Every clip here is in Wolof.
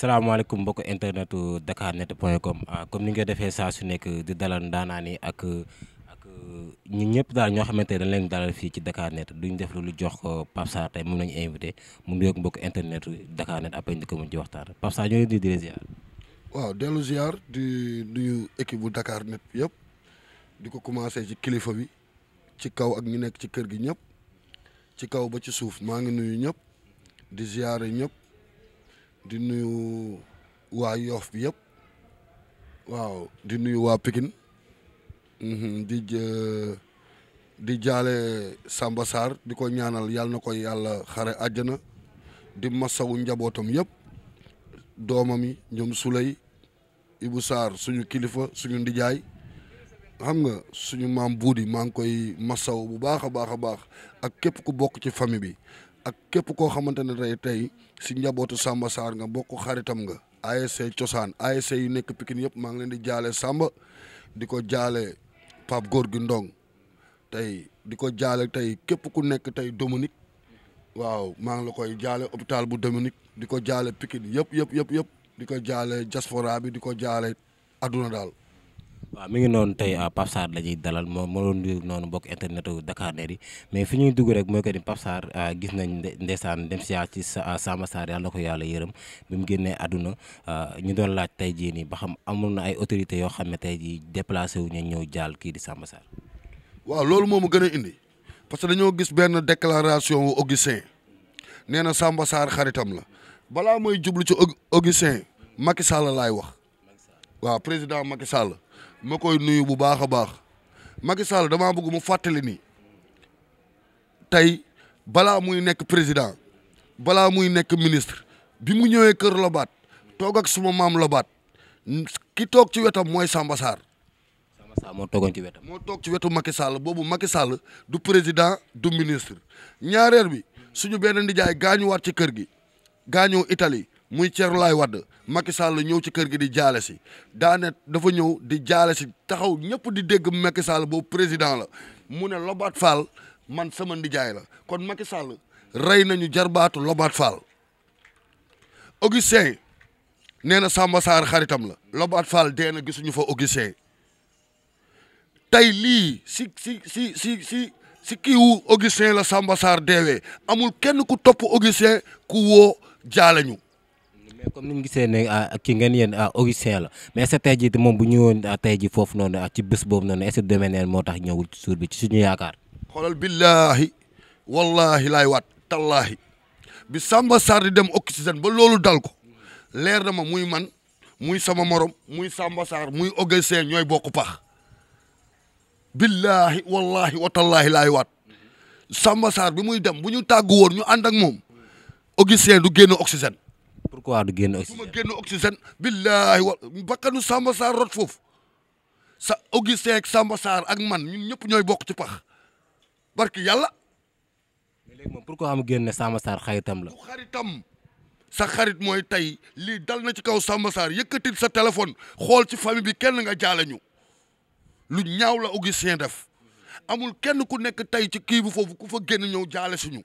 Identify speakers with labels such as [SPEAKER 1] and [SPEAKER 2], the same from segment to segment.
[SPEAKER 1] asalaamaaleykum mbokk internet dakarnet point com ah, comme ni nga defee saa su nekk di dalal ndaanaan yi ak ak ñun ñëpp daal ñoo xamante ne dañ leen dalal fii ci dakarnet duñ def lu jox ko ah, Pape Sarr tey moom la invité mu ngi nuyoog mbokk internet dakarnet après ñu ko mën ci waxtaan Pape Sarr ñoo ngi di di ziar.
[SPEAKER 2] waaw dellu ziar di nuyu équipe bu dakarnet yëpp di ko commencé ci kilifa bi ci kaw ak ñu nekk ci kër gi ñëpp ci kaw ba ci suuf maa ngi nuyu ñëpp di ziare ñëpp. di nuyu waa Yoff bi yëpp waaw di nuyu waa Pikine mhm, di di jaale Samba Sarr di ko ñaanal yàlla na ko yàlla xare àjjana di masawu njabootam yëpp doomam yi ñoom Souley Ibou Sarr suñu kilifa suñu ndijaay xam nga suñu maam buudi maa ngi koy masaw bu baax a baax a baax ak képp ku bokk ci famille bi ak képp koo xamante ne tey si njabootu Samba Sarr nga bokk xaritam nga ASC cosaan ASC yu nekk pikin yëpp maa ngi leen di jaale Samba di ko jaale Pape Gorgui Ndong tey di ko jaale tey képp ku nekk tey Dominique waaw maa ngi la koy jaale hôpital bu Dominique di ko jaale Pikine yëpp yëpp yëpp yëpp di ko jaale diaspora bi di ko jaale adduna daal
[SPEAKER 1] waaw mi ngi noonu tey ah, Pape Sarr la ñuy dalal moom moo doon nuyu noonu mbokk internet wu Dakar ne yi mais fi ñuy dugg rek mooy que ni Pape Sarr ah, gis nañ ndesaan dem si ci ah, Samba Sarr yàlla na ko yàlla yërëm bi mu génnee àdduna ñu doon laaj tey jii nii ba xam amoon na ay autorités yoo xam ne tey jii déplacé wu ñu ñëw jaal kii di Samba Sarr.
[SPEAKER 2] waaw loolu moom mu gën a indi parce que dañoo gis benn déclaration wu Augustin nee na Samba Sarr xaritam la balaa mooy jublu ci Augustin Macky Sall laay wax waaw président Macky Sall. ma koy nuyu bu baax a baax Macky Sall damaa bëgg mu fàttali ni tey balaa muy nekk président balaa muy nekk ministre bi mu ñëwee kër Lobaat toog ak suma maam Lobaat ki toog ci wetam mooy Samba Sarr.
[SPEAKER 1] Samba moo toogoon ci wetam. moo
[SPEAKER 2] toog ci wetu Macky Sall boobu Macky Sall du président du ministre ñaareel bi suñu benn nijaay gaañuwaat ci kër gi gaañoo Italie muy Thierno wadd Wade Macky Sall ñëw ci kër gi di jaale si daane dafa ñëw di jaale si taxaw ñëpp di dégg Macky Sall boobu président la mu ne Lobaat Fall man sama ndijaay la kon Macky Sall rey nañu jarbaatu Lobaat Fall Augustin nee na Samba xaritam la Lobaat Fall dee na gisuñu fa Augustin tey lii si si si si si si kiiwu Augustin la Samba Sarr deewee amul kenn ku topp Augustin ku woo jaale ñu
[SPEAKER 1] mais comme ni ñu gisee ne ah, ki ngeen yéen ah, Augustin mais est-ce que tey moom bu ñëwoon ah, tey jii foofu noonu ci bés boobu noonu est-ce neen moo tax ñëwul ci suur bi ci suñu yaakaar.
[SPEAKER 2] xoolal billaahi wallaahi laay waat tallaahi bi Samba Sarr di dem Oxygène ba loolu dal ko leer na ma muy man muy sama morom muy Samba Sarr muy Augustin ñooy bokk pax billaahi wallaahi wa tallaahi laay waat Samba Sarr bi muy dem bu ñu tàggu woon ñu ànd ak moom Augustin du génn Oxygène.
[SPEAKER 1] pourquoi du génn oxygène
[SPEAKER 2] du ma génn oxygène. billaahi wa bakkanu Samba rot foofu sa Augustin ak ak man ñun ñëpp ñooy bokk ci pax barki yàlla.
[SPEAKER 1] mais léegi moom pourquoi mu génne Samba Sarr xaritam la.
[SPEAKER 2] xaritam sa xarit mooy tey lii dal na ci kaw Samba Sarr sa téléphone xool ci famille bi kenn nga jaale ñu lu ñaaw la Augustin def amul kenn ku nekk tey ci kii bu foofu ku fa génn ñëw jaale suñu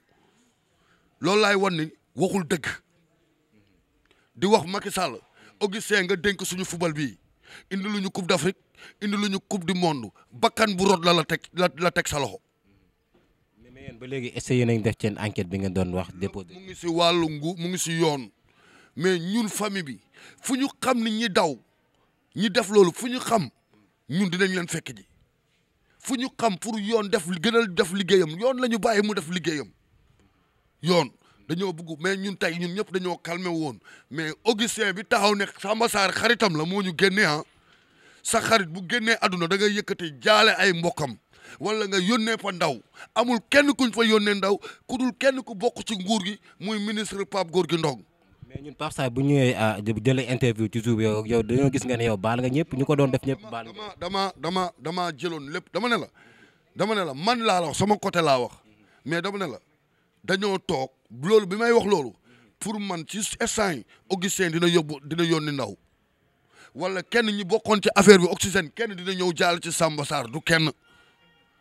[SPEAKER 2] loolu laay wan waxul dëgg. di wax Macky ogisee nga dénk suñu football bii indi lu ñu coupe d'Afrique indi lu ñu coupe du monde bakkan bu rot la la teg la la teg sa loxo. mais yéen ba léegi essayé
[SPEAKER 1] nañ def seen enquête bi nga doon wax déposé.
[SPEAKER 2] mu ngi si wàllu ngu mu ngi si yoon mais ñun famille bi fu ñu xam ni ñi daw ñi def loolu fu ñu xam ñun dinañ leen fekk ji fu ñu xam pour yoon def gënal def liggéeyam yoon la ñu bàyyi mu def liggéeyam yoon. dañoo bugg mais ñun tey ñun ñëpp dañoo calmé woon mais Augustin bi taxaw ne Samba saar xaritam la moo ñu génnee ah sa xarit bu génnee adduna da ngay yëkkati jaale ay mbokkam wala nga yónnee fa ndaw amul kenn kuñ fa yónnee ndaw ku dul kenn ku bokk ci nguur gi muy ministre Pape Gorgui Ndong
[SPEAKER 1] mais ñun Pape Sarr bu ñëwee ah, jëlee interview ci suuf yow gis nga ne yow baal nga ñëpp ñu ko doon def ñëpp
[SPEAKER 2] baal nga dama dama dama jëloon lépp dama ne la dama ne la man laa la sama côté laa wax mais dama ne la dañoo toog loolu bi may wax loolu pour man ci instant yi Augustin dina yóbbu dina yónni ndaw wala kenn ñi bokkoon ci affaire bi oxygène kenn dina ñëw jaal ci Samba Sarr du kenn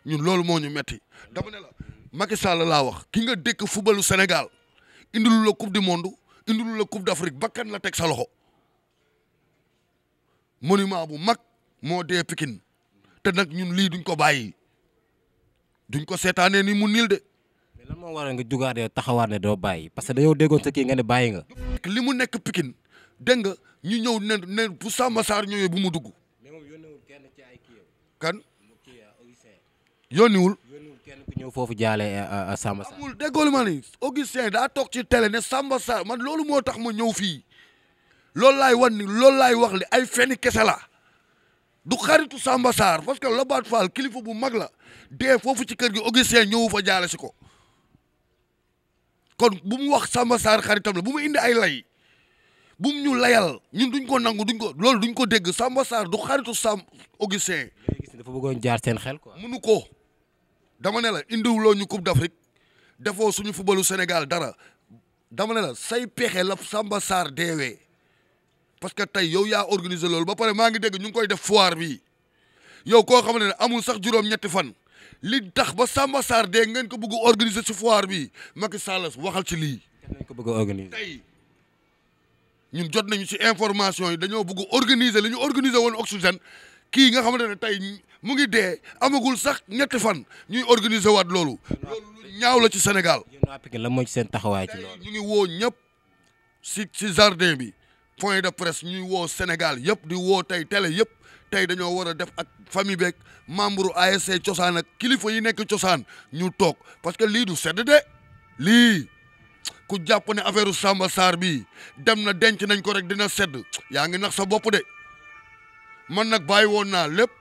[SPEAKER 2] ñun loolu moo ñu metti dama ne la Macky Sall laa wax ki nga dëkk footballu Sénégal indilu la coupe du monde indilu la coupe d'Afrique bakkan la teg sa loxo monument bu mag moo dee pikin te nag ñun lii duñ ko bàyyi duñ ko seetaanee ni mu niil
[SPEAKER 1] de. lan moo waral nga jugaat yow taxawaat ne doo bàyyi parce que dañoo déggoon sa kii nga ne bàyyi nga. li
[SPEAKER 2] mu nekk pikin dégg nga ñu ñëw ne ne bu Samba Sarr ñëwee bu mu dugg. mais moom kenn ci ay kii kan euh, yónniwul. yónniwul kenn ku ñëw foofu jaale Samba euh, euh, Sarr. amul déggoo ma daa toog ci télé ne Samba Sarr man loolu moo tax ma ñëw fii loolu laay wan ni loolu laay wax li ay fenn kese la du xaritu Samba Sarr parce que Lobatt Fall kilifa bu mag la dee foofu ci kër gi Augustin ñëwu fa jaale si ko. kon bu mu wax Samba saar xaritam la bu mu indi ay lay bu mu ñu layal ñun duñ ko nangu duñ ko loolu duñ ko dégg Samba Sarr du xaritu Sam Augustin. dafa bëggoon jaar seen xel quoi. mënu ko dama ne la indiwuloo ñu kub d'Afrique defoo suñu footballu Sénégal dara dama nela la say pexe la Samba Sarr deewee parce que tey yow yaa organiser loolu ba pare maa ngi dégg ñu ngi koy def foire bi yow koo xam ne amul sax juróom-ñetti fan. li tax ba Samba Sarr dee ngeen ko bëgg a organiser ci foire bi Macky Sall waxal ci lii. ngeen ko
[SPEAKER 1] bëgg a organiser tey
[SPEAKER 2] ñun jot nañu ci information yi dañoo bëgg organiser li organiser woon oxygène kii nga xamante ne tey mu ngi dee amagul sax ñetti fan ñuy organiser waat loolu. loolu ñaaw la ci Sénégal. yéen la mooy seen taxawaay ci loolu. ñu ngi woo ñëpp si ci jardin bi point de presse ñuy woo Sénégal yëpp di woo tey tele yëpp. tey dañoo war a def ak famille beeg membre ASC cosaan ak kilifa yi nekk cosaan ñu toog parce que lii du sedd de lii ku jàpp ne affaire Samba Sarr bi dem na denc nañ ko rek dina sedd yaa ngi nax sa bopp de man nag bàyyi woon naa lépp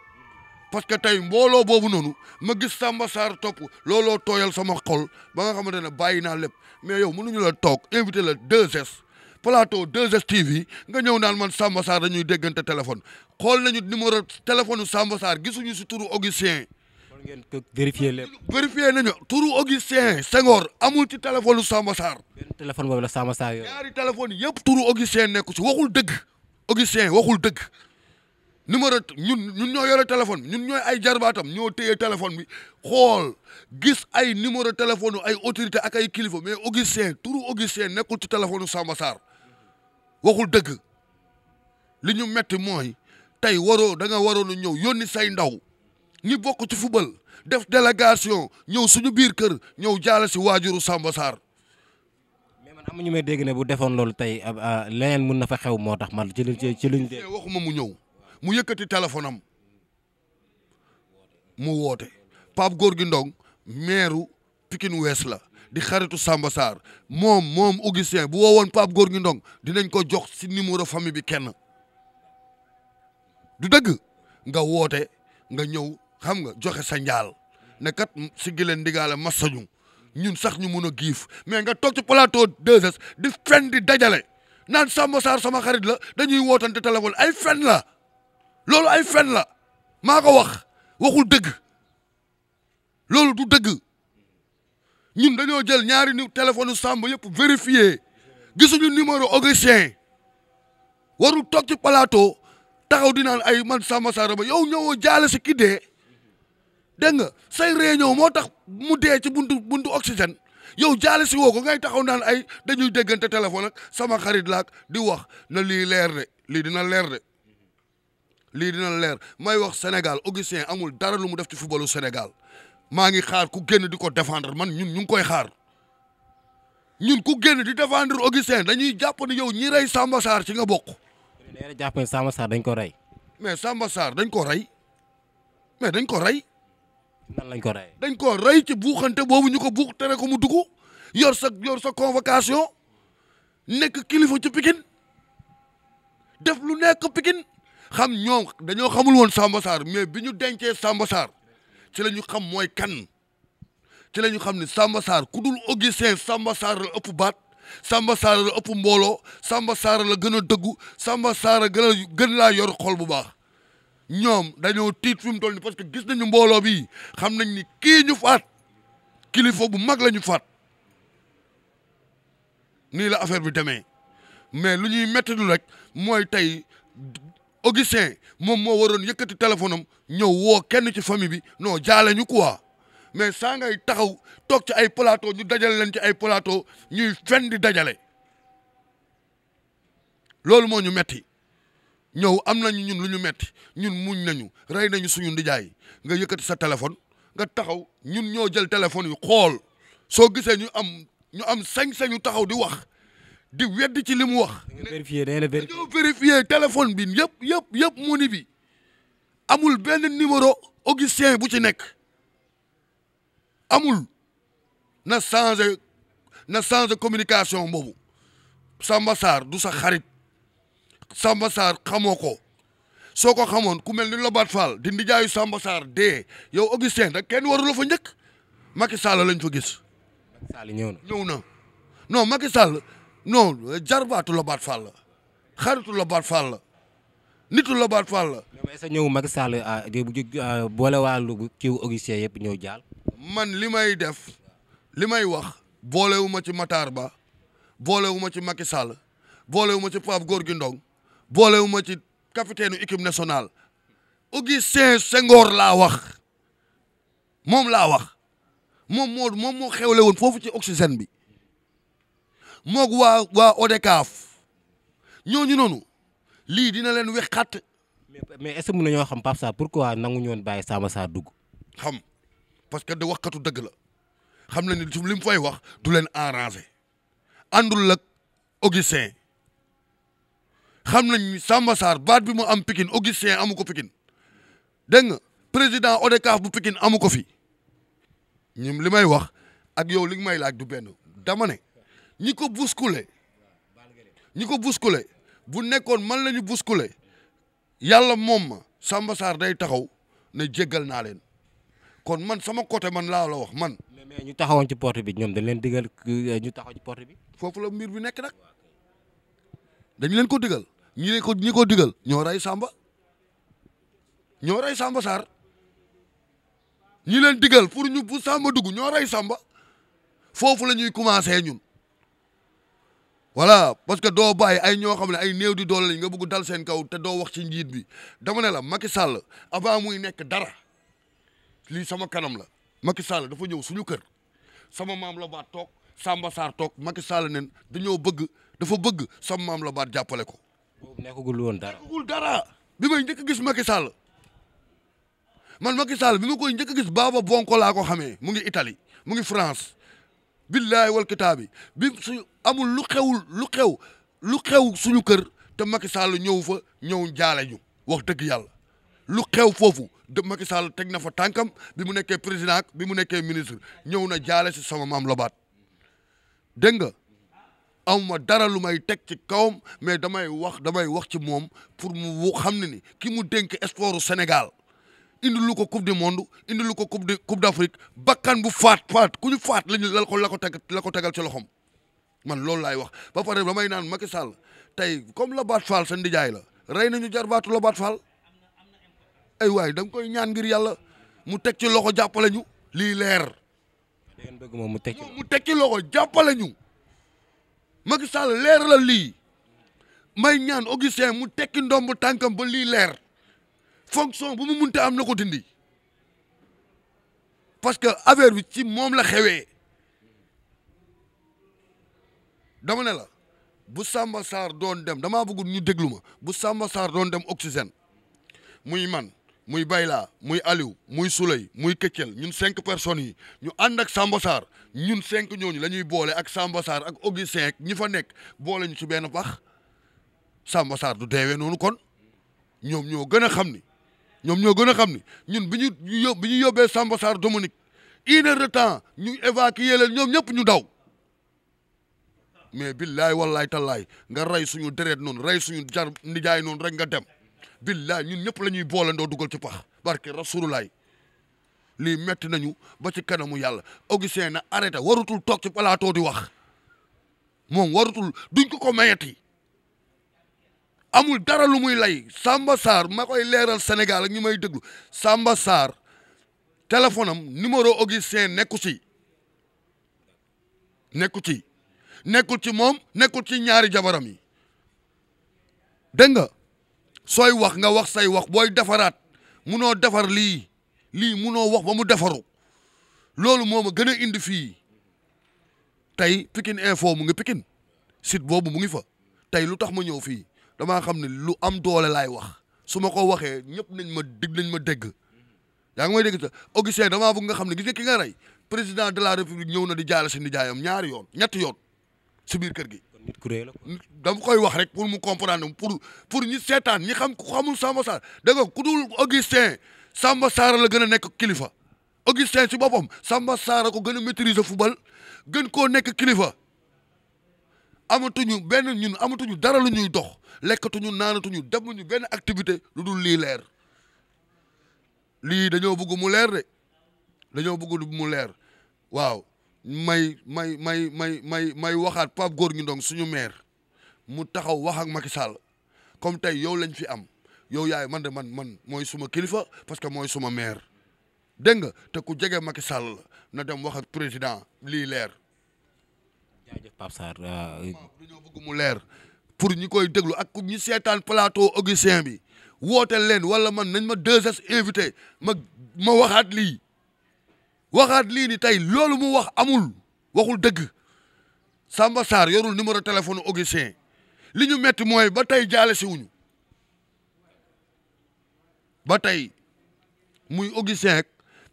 [SPEAKER 2] parce que tey mbooloo boobu noonu ma gis Samba Sarr topp looloo tooyal sama xol ba nga xamante ne bàyyi naa lépp mais yow mënuñu la toog invité la 2S plateau 2S TV nga ñëw naan man Samba saar dañuy déggante téléphone xool nañu numéro téléphone Samba Sarr gisuñu si turu Augustin. xool ngeen ko vérifier lépp. vérifier nañu turu Augustin Senghor amul ci téléphone Samba Sarr. benn téléphone boobu la Samba Sarr yooyu. ñaari téléphone yëpp turu Augustin nekku si waxul dëgg. Augustin waxul dëgg numéro ñun ñun ñoo yore téléphone ñun ñooy ay jarbaatam ñoo téye téléphone bi xool gis ay numéro téléphone ay autorité ak ay kilifa mais Augustin turu Augustin nekkul ci téléphone Samba Sarr waxul dëgg li ñu metti mooy. tey waroo danga nga waroon a ñëw yónni say ndaw ñi bokk ci football def délégation ñëw suñu biir kër ñëw jaale si waajuru Samba Sarr.
[SPEAKER 1] mais man ñu may dégg ne bu defoon loolu tey ah, ah, leneen mun na fa xew moo tax man ci luñ ci luñ.
[SPEAKER 2] waxuma mu ñëw mu yëkkati téléphone mu woote Pape Gorgui Ndong meeru Pikine wees la di xaritu Samba Sarr moom moom Augustin bu woowoon Pape Gorgui Ndong dinañ ko jox si numéro famille bi kenn. du dëgg nga woote nga ñëw xam nga joxe sa njaal ne kat si gileen ndigaale mas ñun sax ñu mun a giif mais nga toog ci plateau 2S di fen di dajale naan Samba Sarr sama xarit la dañuy wootante téléphone ay fen la loolu ay fen la maa ko wax waxul dëgg loolu du dëgg ñun dañoo jël ñaari ni téléphone Samba yëpp vérifié gisuñu numéro Augustin warul toog ci taxaw di naan ay man Samba Saara ba yow ñëwoo jaale si ki dee dégg nga say réunion moo tax mu dee ci buntu buntu oxygène yow jaale si woo ko ngay taxaw naan ay dañuy déggante téléphone ak sama xarit laak di wax na lii leer de lii dina leer lii dina leer may wax senegal Augustin amul dara lu mu def ci footballu Sénégal maa ngi xaar ku génn di ko défendre man ñun ñu ngi koy xaar ñun ku génn di défendre Augustin dañuy jàpp ni yow ñi rey Samba saar ci nga bokk
[SPEAKER 1] nee na jàpp ne Samba saar dañ ko rey.
[SPEAKER 2] mais Samba Sarr dañ koo rey mais dañ ko rey. nan lañ ko rey. dañ ko rey ci buuxante boobu ñu ko buux tere ko mu dugg yor sa yor sa convocation nekk kilifa ci Pikine def lu nekk pikin xam ñoom dañoo xamul woon Samba Sarr mais bi ñu dencee Samba saar ci lañu xam mooy kan ci la xam ne Samba Sarr ku dul Augustin Samba Sarr ëpp baat Samba Saara la ëpp mbooloo Samba Saara la gën a dëggu Samba Saara gën a gën laa yor xol bu baax ñoom dañoo tiit fi mu toll nii parce que gis nañu mbooloo bi xam nañ ni kii ñu faat kilifa bu mag lañu ñu faat nii la affaire bi demee mais lu ñuy métti lu rek mooy tey Augustin moom moo waroon yëkkati téléphone am ñëw woo kenn ci famille bi noo jaale ñu quoi. mais saa ngay taxaw toog ci ay plateau ñu dajale leen ci ay plateau ñuy fen di dajale loolu moo ñu metti ñëw am nañu ñun lu ñu metti ñun muñ nañu rey nañu suñu ndijaay nga yëkkati sa téléphone nga taxaw ñun ñoo jël téléphone yu xool soo gisee ñu am ñu am sañ-sañu taxaw di wax di weddi ci li mu wax.
[SPEAKER 1] vérifier dañoo
[SPEAKER 2] vérifier téléphone bi yëpp yëpp yëpp mu bi amul benn numéro Augustin bu ci nekk. amul na changé na changé communication boobu Samba Sarr du sa xarit Samba xamoo ko soo ko xamoon ku mel ni Lobatt Fall di ndijaayu Samba Sarr dee yow Augustin da kenn waru la fa njëkk Macky Sall lañ fa gis. Sall ñëw na ñëw na non Macky Sall non jarbaatu Lobatt Fall la xaritu Lobatt Fall la nitu Lobatt Fall sa ñëw Macky Sall
[SPEAKER 1] ah, ah, boole wàllu kii Augustin yëpp ñëw jaal.
[SPEAKER 2] man li may def li may wax boolewuma ci Matar Ba boolewuma ci Macky Sall ma ci Pape Gorgui Ndong boole wu ma ci capitaine équipe nationale Augustin Senghor laa wax moom laa wax moom moo moom moo xewle woon foofu ci oxygène bi moog waa waa ODECAF ñooñu noonu lii dina leen wex xat mais est-ce que mën nañoo xam Pape Sarr
[SPEAKER 1] pourquoi nangu ñoon bàyyi Samba saa dugg
[SPEAKER 2] parce que de waxkatu dëgg la xam na ni su li mu fay wax du leen arrangé àndul ak Augustin xam nañ ni sambasaar baat bi mu am Pikine Augustin amu ko Pikine dégg nga président ODCAV bu pikin amu ko fi ñun li may wax ak yow li may laaj du benn dama ñi ko bousculé ñi ko bousculé bu nekkoon man la ñu bousculé yàlla moom ma Samba day taxaw ne jéggal naa leen. kon man sama côté man laaw la wax man. mais ñu taxawoon ci porte bi ñoom dañ leen digal euh, ñu taxaw ci porte bi. foofu la mbir bi nekk nag dañ leen ko digal ñi ko ñi ko digal ñoo rey Samba ñoo rey Samba Sarr ñu leen digal pour ñu pour Samba dugg ñoo rey Samba foofu la ñuy commencé ñun voilà parce que doo bàyyi ay ñoo xam ne ay néew di doole lañ nga bugg dal seen kaw te doo wax ci njiit bi dama ne la Macky Sall aba muy nekk dara. lii sama kanam la Macky Sall dafa ñëw suñu kër sama maam la toog Samba Sarr toog Macky Sall nen ñëw bëgg dafa bëgg sama maam la baat jàppale ko.
[SPEAKER 1] nekkagul woon dara
[SPEAKER 2] nekkagul dara bi may njëkk gis Macky Sall man Macky Sall bi ma koy njëkk gis baa Baba Bonko laa ko xamee mu ngi itali mu ngi France billahi wal kitaabi bi suñu amul lu xewul lu xew lu xew suñu kër te Macky Sall ñëw fa ñëw jaale ñu wax dëgg yàlla lu xew foofu de Macky Sall teg na fa tànkam bi mu nekkee président bi mu nekkee ministre ñëw na jaale si sama maam Lobaat dégg nga amuma dara lu may teg ci kawam mais damay wax damay wax ci moom pour mu xam ne ni ki mu dénk sportu Sénégal indi lu ko coupe du monde indi lu ko coupe de coupe d'Afrique bakkan bu faat faat ku ñu faat lañu la ko la ko teg la ko tegal ci loxoom man loolu laay wax ba pare damay naan Macky tey comme Lobatt Fall sa ndijaay la rey nañu jarbaatu Lobatt Fall ay waay da koy ñaan ngir yàlla mu teg ci loxo jàppale ñu lii leer. da ngeen mu tekki loxo jàppale ñu. Macky leer la lii may ñaan Augustin mu tekki ndomb tànkam ba lii leer fonction bu mu munte am na ko dindi parce que affaire bi ci moom la xewee dama ne la bu Samba Sarr doon dem dama bëggul ñu déglu ma bu Samba Sarr doon dem oxygène muy man muy Bayla muy Aliou muy Souley muy Këccel ñun cinq personnes yi ñu ànd ak Samba ñun cinq ñooñu la ñuy boole ak Samba ak Augustin cinq ñi fa nekk boole ñu ci benn pax Samba du deewee noonu kon ñoom ñoo gën a xam ni ñoom ñoo gën a xam ni ñun bi ñu yób bi ñu yóbbee Samba Sarr Dominique une heure de temps ñu évacuer leen ñoom ñëpp ñu daw mais billaay wallaay tallaay nga rey suñu deret noonu rey suñu jar nijaay noonu rek nga dem. billaay ñun ñëpp la ñuy boolandoo dugal ci pax barke rasulullaay lii metti nañu ba ci kanamu yàlla Augustin na arrêté warutul toog ci plateau di wax moom warutul duñ ko ko mayati amul dara lu muy lay Samba Sarr ma koy leeral Sénégal ak ñu may déglu Samba Sarr téléphone am numéro Augustin nekku ci nekku ci nekkul ci moom nekkul ci ñaari jabaram yi dégg nga sooy wax nga wax say wax booy defaraat munoo defar lii lii munoo wax ba mu defaru loolu moo ma gën a indi fii tey Pikine info mu ngi Pikine site boobu mu ngi fa tey lu tax ma ñëw fii damaa xam ne lu am doole laay wax su ma ko waxee ñëpp nañ ma dégg nañ ma dégg yaa ngi may dégg sax Augustin damaa bëgg nga xam ne gis nga ki nga rey président de la république ñëw na di jaale si nijaayam ñaari yoon ñetti yoon si biir kër gi nit la dama koy wax rek pour mu comprendre pour pour ñi seetaan ñi xam ku xamul Samba Sarr dégg ku dul Augustin Samba saara la gën a nekk kilifa Augustin si boppam Samba Sarr ko gën a maîtriser football gën koo nekk kilifa amatuñu benn ñun amatuñu dara lu ñuy dox lekkatuñu naanatuñu demuñu benn activité lu dul lii leer lii dañoo bëgg mu leer de dañoo bëgg mu leer waaw may may may may may may waxaat Pape Gorgui Ndong suñu maire mu taxaw wax ak Macky comme tey yow lañ fi am yow yaay man de man man mooy suma kilifa parce que mooy suma maire dégg nga te ku jege Macky Sall la na dem wax ak président lii leer. jaajëf Pape euh, mu leer pour ñi koy déglu ak ñu seetaan plateau Augustin bi woote leen wala man nañ ma 2S invité ma ma waxaat lii. waxaat lii ni tey loolu mu wax amul waxul dëgg Samba saar yorul numéro téléphone Augustin li ñu metti mooy ba tey jaale si wuñu ba tey muy Augustin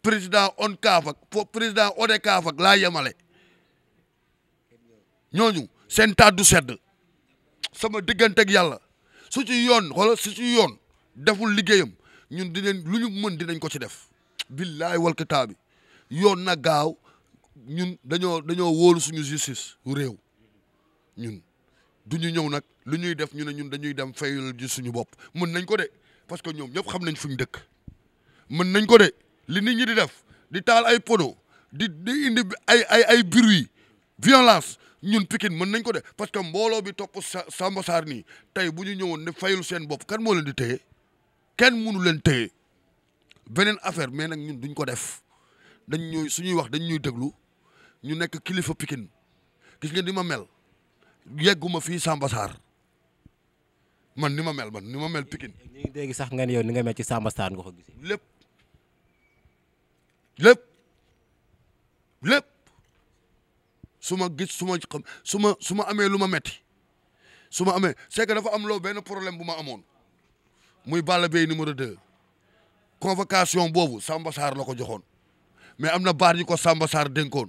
[SPEAKER 2] président on ak fo président ODCAV ak laa yemale ñooñu seen tàddu sedd sama digganteeg yàlla su ci yoon wala su ci yoon deful liggéeyam ñun dinañ lu ñu mën dinañ ko ci def billaay wal kitaabi yoon na gaaw ñun dañoo dañoo wóolu suñu wu réew ñun du ñu ñëw nag lu ñuy def ñu ne ñun dañuy dem fayal ji suñu bopp mën nañ ko de parce que ñoom ñëpp xam nañ fuñ dëkk mën nañ ko de li nit ñi di def di taal ay pono di indi ay ay ay bruit violence ñun Pikine mën nañ ko de parce que mbooloo bi topp Samba Sarr nii tey bu ñu ñëwoon ne fayul seen bopp kan moo leen di teye kenn mënu leen téye beneen affaire mais nag ñun duñ ko def dañ ñuy suñuy wax dañ ñuy déglu ñu nekk kilifa pikin gis ngeen ni ma mel yegguma fii Samba man ni ma mel man ni ma mel Pikine. ñu sax nga ni yow ni nga mel ci Samba lépp lépp lépp su ma gis su ma xam su ma su amee lu ma metti su ma amee c'est dafa am loo benn problème bu ma amoon muy Balla Beye numéro 2 convocation boobu Samba Sarr la ko joxoon. mais am na baar ñu ko Samba Sarr dénkoon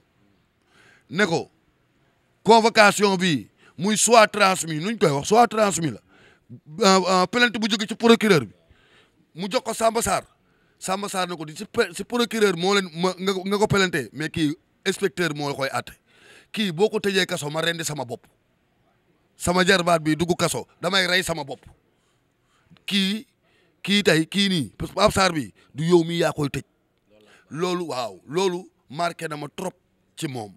[SPEAKER 2] ne ko convocation bi muy soit transmis nuñ koy wax soit transmis la euh, euh, plainte bu jóge ci procureur bi mu jox ko Samba Sarr Samba Sarr ne ko di si procureur moo leen ma nga ko plainte mais kii inspecteur moo koy at kii boo ko tëjee kaso ma rendi sama bopp sama jarbaat bi dugg kaso damay rey sama bopp kii kii tey kii nii parce que Pape Sarr bi du yow mi yaa koy tëj loolu waaw loolu marqué na ma trop ci moom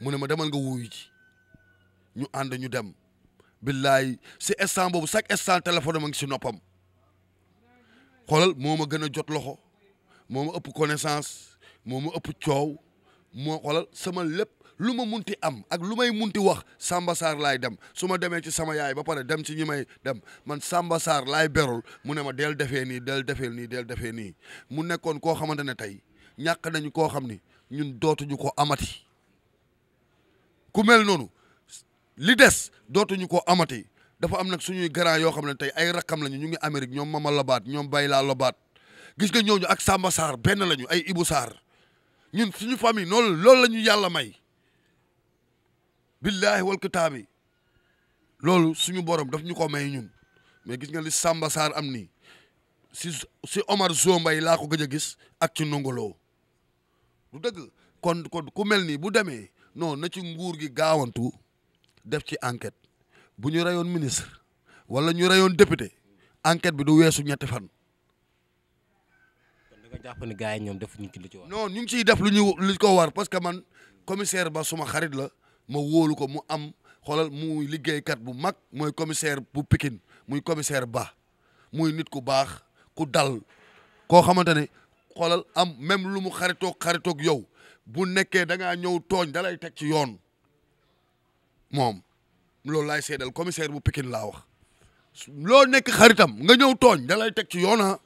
[SPEAKER 2] mu ne ma demal nga wuyu ji ñu ànd ñu dem billaay si instant boobu chaque instant téléphone ma ngi si noppam xoolal moo ma gën a jot loxo moo ma ëpp connaissance moo ma ëpp coow moo xoolal sama lépp lu ma munti am ak lu may munti wax Samba Sarr laay dem su ma demee ci sama yaay ba pare dem ci ñi may dem man Samba Sarr laay berul mu ne ma del defee nii del defee nii del defee nii mu nekkoon koo xamante ne tey ñàkk nañu koo xam ni ñun dootuñu ko amati ku mel noonu li des dootuñu ko amati dafa am nag suñuy grand yoo xam ne tey ay rakkam lañu ñu ngi Amérique ñoom Mama Lobaat ñoom Bayla Lobaat gis nga ñooñu ak Samba Sarr benn lañu ay Ibou Sarr ñun suñu famille noonu loolu la ñu yàlla may billaahi wal kitaabi loolu suñu borom daf ñu ko may ñun mais gis nga ni Samba Sarr am ni si si Omar Zombay laa ko gëj a gis ak ci nongoloo du dëgg kon kon ku mel nii bu demee non na ci nguur gi gaawantu def ci enquête bu ñu reyoon ministre wala ñu reyoon député enquête bi du weesu ñetti fan.
[SPEAKER 1] kon da nga jàpp ne gars yi ñoom defuñu
[SPEAKER 2] ñu ngi ciy def lu ñu li ko war parce que man commissaire ba suma xarit la. ma wóolu ko mu am xoolal muy liggéeykat bu mag mooy commissaire bu Pikine muy commissaire Ba muy nit ku baax ku dal koo xamante ne xoolal am même lu mu xaritoog xaritoog yow bu nekkee da ngaa ñëw tooñ dalay teg ci yoon moom loolu laay seedal commissaire bu Pikine laa wax loo nekk xaritam nga ñëw tooñ da teg ci yoon ah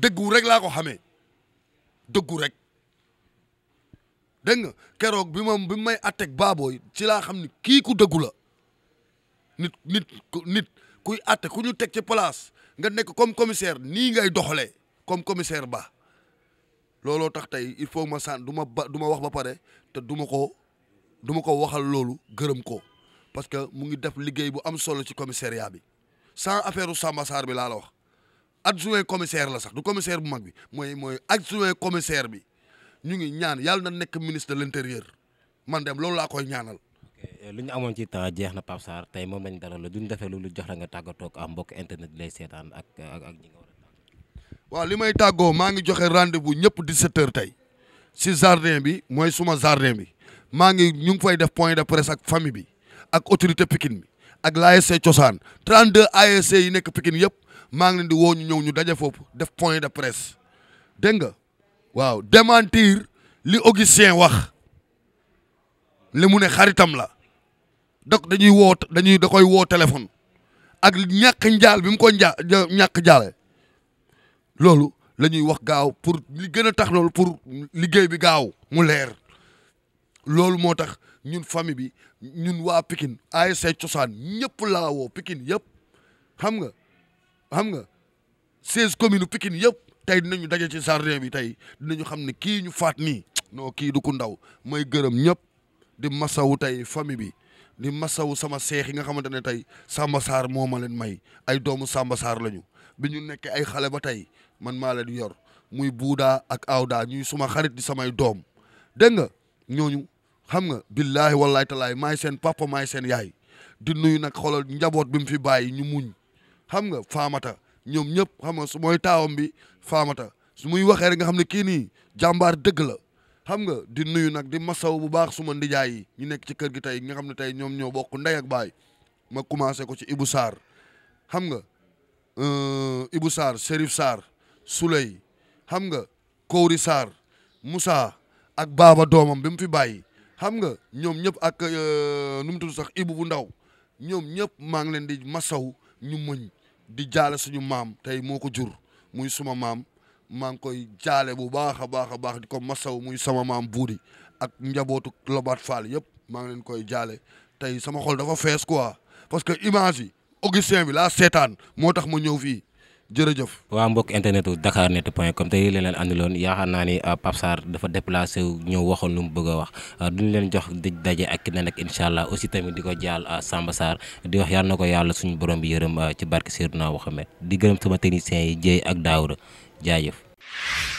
[SPEAKER 2] dëggu rek laa ko xamee dëggu rek dégg nga keroog bi ma bi may attek baabooy ci laa xam ni kii ku dëggu la nit nit kuy atte ku ñu teg ci place nga nekk comme commissaire nii ngay doxalee comme commissaire baa looloo tax tey il faut ma sant du ma ba du ma wax ba pare te du ma ko du ma ko waxal loolu gërëm ko parce que mu ngi def liggéey bu am solo ci commissariat bi sans affaire u Samba Sarr bi laa la wax adjoint commissaire la sax du commissaire bu mag bi mooy mooy adjoint commissaire bi ñu ngi ñaan yàlla na nekk ministre de l'intérieur man dem loolu laa koy ñaanal.
[SPEAKER 1] Eh, lu ñu amoon ci temps jeex na Pape Sarr tey moom lañ dalal la duñ defee lu jox la tàggatoo ak mbokk internet lay seetaan ak ak ak
[SPEAKER 2] waaw li may tàggoo maa ngi joxe rendez-vous ñëpp di h tey si jardin bi mooy suma jardin bi maa ngi ñu ngi fay def point de presse ak famille bi ak autorité Pikine bi ak l'ASC cosaan 32 se yi nekk Pikine yëpp maa ngi leen di woo ñu ñëw ñu daje foofu def point de presse dégg nga waaw démentir li Augustin wax li mu ne xaritam la donc dañuy woo dañuy da woo téléphone ak ñàkk njaal bi mu ko njaa ñàkk jaale loolu lañuy wax gaaw pour li gën a tax loolu pour liggéey bi gaaw mu leer loolu moo tax ñun famille bi ñun waa pikin ASC cosaan ñëpp laa pikin Pikine yëpp xam nga xam nga seize commune Pikine yëpp tey dinañu daje ci jardin bi tey dinañu xam ne kii ñu faat nii noo kii du ku ndaw may gërëm ñëpp di masaw tey famille bi di masawu sama seex yi nga xamante ne tey sama saar moo ma leen may ay doomu Samba Sarr lañu bi ñu nekkee ay xale ba tey man maa leen yor muy buudaa ak aawdaa ñuy suma xarit di samay doom dégg nga ñooñu xam nga billaahi wallaahi talaay maay seen papa maay seen yaay di nuyu nag xoolal njaboot bi mu fi bàyyi ñu muñ xam nga faamata ñoom ñëpp xam su mooy taawam bi faamata su muy waxee rek nga xam ne kii nii jàmbaar dëgg la xam nga di nuyu nag di masaw bu baax suma ndijaay yi ñu nekk ci kër gi tey nga xam ne tey ñoom ñoo bokk ndey baay ma commencé ko ci Ibou Sarr xam nga euh, Ibou Sarr Serif Sarr Souley xam nga Kowri Sarr ak baaba doomam bi mu fi bàyyi xam nga ñoom ñëpp ak euh, nu mu tudd sax Ibou bu ndaw ñoom ñëpp maa ngi leen di masaw ñu muñ di jaale suñu maam tey moo ko jur muy suma maam maa ngi koy jaale bu baax a baax a baax di ko masaw muy sama maam buuri ak njabootu Lobaat Fall yëpp maa ngi leen koy jaale tey sama xol dafa fees quoi parce que images yi Augustin bi laa seetaan moo tax ma ñëw fii
[SPEAKER 1] jërëjëf waaw mbokk internet u dakarnet point com tey leen leen loon yaakaar naa ni euh, Pape dafa déplacé wu ñëw waxoon lu mu bëgg a wax euh, duñu leen jox di daje ak ki ne nag incha allah aussi tamit di ko jaal euh, Samba Sarr di wax yàlla na ko yàlla suñu borom bi yërëm ci barke Seydina Muhammad di gërëm sama technicien yi Jéy ak Daawuda jaajëf